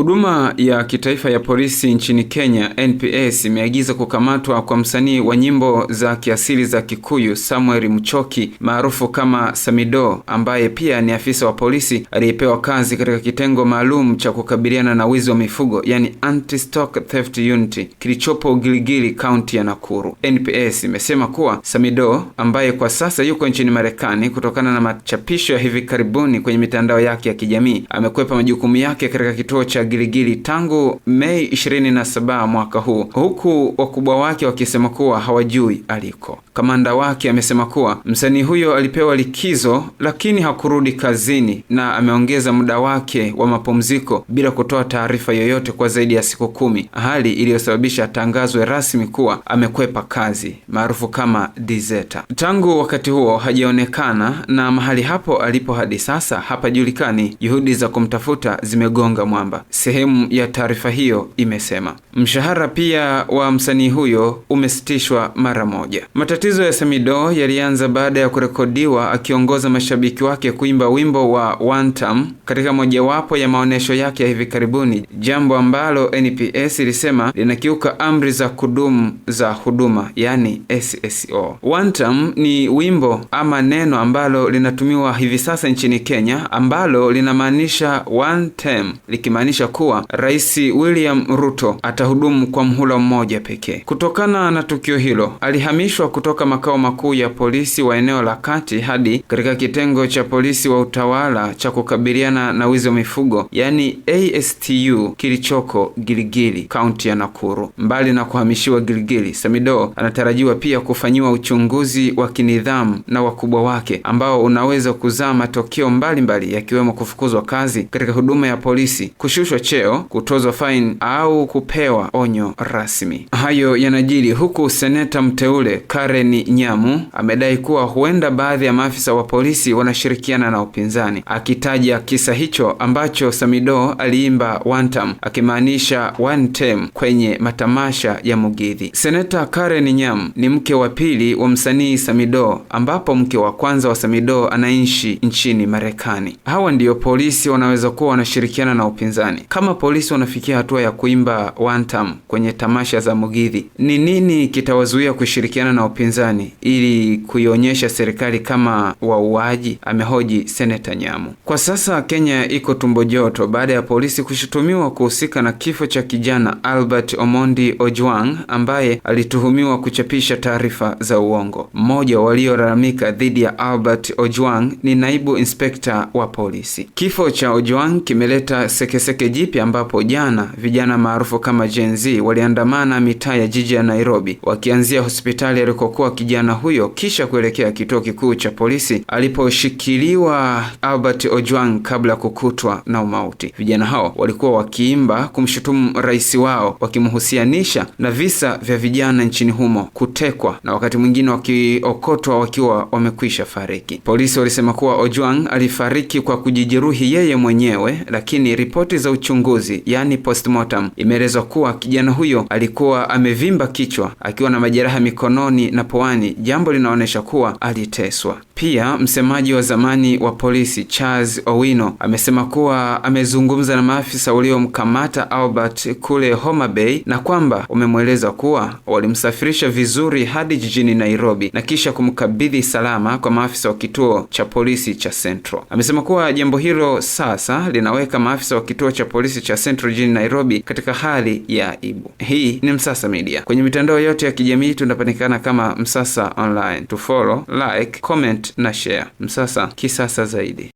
Huduma ya kitaifa ya polisi nchini Kenya NPS imeagiza kukamatwa kwa msanii wa nyimbo za kiasili za Kikuyu Samuel mchoki maarufu kama Samido, ambaye pia ni afisa wa polisi aliyepewa kazi katika kitengo maalum cha kukabiliana na wizi wa mifugo, yani Anti-Stock Theft Unit kilichopo Giligili, kaunti ya Nakuru. NPS imesema kuwa Samido, ambaye kwa sasa yuko nchini Marekani kutokana na machapisho ya hivi karibuni kwenye mitandao yake ya kijamii, amekwepa majukumu yake katika kituo cha Giligili tangu Mei 27 mwaka huu, huku wakubwa wake wakisema kuwa hawajui aliko. Kamanda wake amesema kuwa msanii huyo alipewa likizo lakini hakurudi kazini na ameongeza muda wake wa mapumziko bila kutoa taarifa yoyote kwa zaidi ya siku kumi, hali iliyosababisha atangazwe rasmi kuwa amekwepa kazi maarufu kama dizeta. Tangu wakati huo hajaonekana na mahali hapo alipo hadi sasa hapajulikani. Juhudi za kumtafuta zimegonga mwamba. Sehemu ya taarifa hiyo imesema mshahara pia wa msanii huyo umesitishwa mara moja. Matatizo ya Semido yalianza baada ya kurekodiwa akiongoza mashabiki wake kuimba wimbo wa Wantam katika mojawapo ya maonyesho yake ya hivi karibuni, jambo ambalo NPS ilisema linakiuka amri za kudumu za huduma, yani SSO. Wantam ni wimbo ama neno ambalo linatumiwa hivi sasa nchini Kenya ambalo linamaanisha one time likimaanisha kuwa Rais William Ruto atahudumu kwa mhula mmoja pekee. Kutokana na tukio hilo, alihamishwa kutoka makao makuu ya polisi wa eneo la kati hadi katika kitengo cha polisi wa utawala cha kukabiliana na wizi wa mifugo yani ASTU kilichoko Giligili, kaunti ya Nakuru. Mbali na kuhamishiwa Giligili, samido anatarajiwa pia kufanyiwa uchunguzi wa kinidhamu na wakubwa wake ambao unaweza kuzaa matokeo mbalimbali yakiwemo kufukuzwa kazi katika huduma ya polisi, kushushwa cheo, kutozwa faini au kupewa onyo rasmi. Hayo yanajiri huku seneta mteule Karen Nyamu amedai kuwa huenda baadhi ya maafisa wa polisi wanashirikiana na upinzani, akitaja kisa hicho ambacho Samido aliimba wantam, akimaanisha one time kwenye matamasha ya Mugithi. Seneta Karen Nyamu ni mke wa pili wa msanii Samido, ambapo mke wa kwanza wa Samido anaishi nchini Marekani. Hawa ndiyo polisi wanaweza kuwa wanashirikiana na upinzani. Marekani. Kama polisi wanafikia hatua ya kuimba wantam kwenye tamasha za Mugithi, ni nini kitawazuia kushirikiana na upinzani ili kuionyesha serikali kama wauaji? Amehoji Seneta Nyamu. Kwa sasa Kenya iko tumbo joto baada ya polisi kushutumiwa kuhusika na kifo cha kijana Albert Omondi Ojwang ambaye alituhumiwa kuchapisha taarifa za uongo. Mmoja waliolalamika dhidi ya Albert Ojwang ni naibu inspekta wa polisi. Kifo cha Ojwang kimeleta sekeseke jipya ambapo jana vijana maarufu kama Gen Z waliandamana mitaa ya jiji ya Nairobi wakianzia hospitali alikokuwa kijana huyo kisha kuelekea kituo kikuu cha polisi aliposhikiliwa Albert Ojwang kabla ya kukutwa na umauti. Vijana hao walikuwa wakiimba kumshutumu rais wao wakimhusianisha na visa vya vijana nchini humo kutekwa na wakati mwingine wakiokotwa wakiwa wamekwisha fariki. Polisi walisema kuwa Ojwang alifariki kwa kujijeruhi yeye mwenyewe, lakini ripoti za uchunguzi yani postmortem, imeelezwa kuwa kijana huyo alikuwa amevimba kichwa akiwa na majeraha mikononi na puani, jambo linaonyesha kuwa aliteswa. Pia msemaji wa zamani wa polisi Charles Owino amesema kuwa amezungumza na maafisa waliomkamata Albert kule Homa Bay na kwamba wamemweleza kuwa walimsafirisha vizuri hadi jijini Nairobi na kisha kumkabidhi salama kwa maafisa wa kituo cha polisi cha Central. Amesema kuwa jambo hilo sasa linaweka maafisa wa kituo cha polisi cha Central jijini Nairobi katika hali ya ibu. Hii ni Msasa Media kwenye mitandao yote ya kijamii, tunapatikana kama Msasa Online. Tufollow, like, comment na share. Msasa kisasa zaidi.